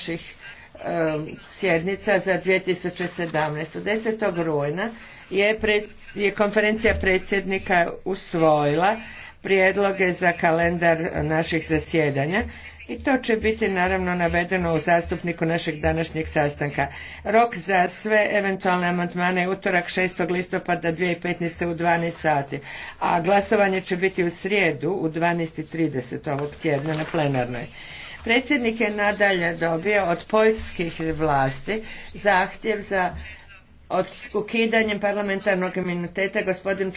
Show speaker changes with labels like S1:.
S1: naših sjednica za 2017. 10. rujna je, je konferencija predsjednika usvojila prijedloge za kalendar naših zasjedanja i to će biti naravno navedeno u zastupniku našeg današnjeg sastanka. Rok za sve eventualne amandmane je utorak 6. listopada 2015. u 12 sati, a glasovanje će biti u srijedu u 12.30 ovog tjedna na plenarnoj. Predsjednik je nadalje dobio od poljskih vlasti zahtjev za od ukidanjem
S2: parlamentarnog imuniteta gospodinu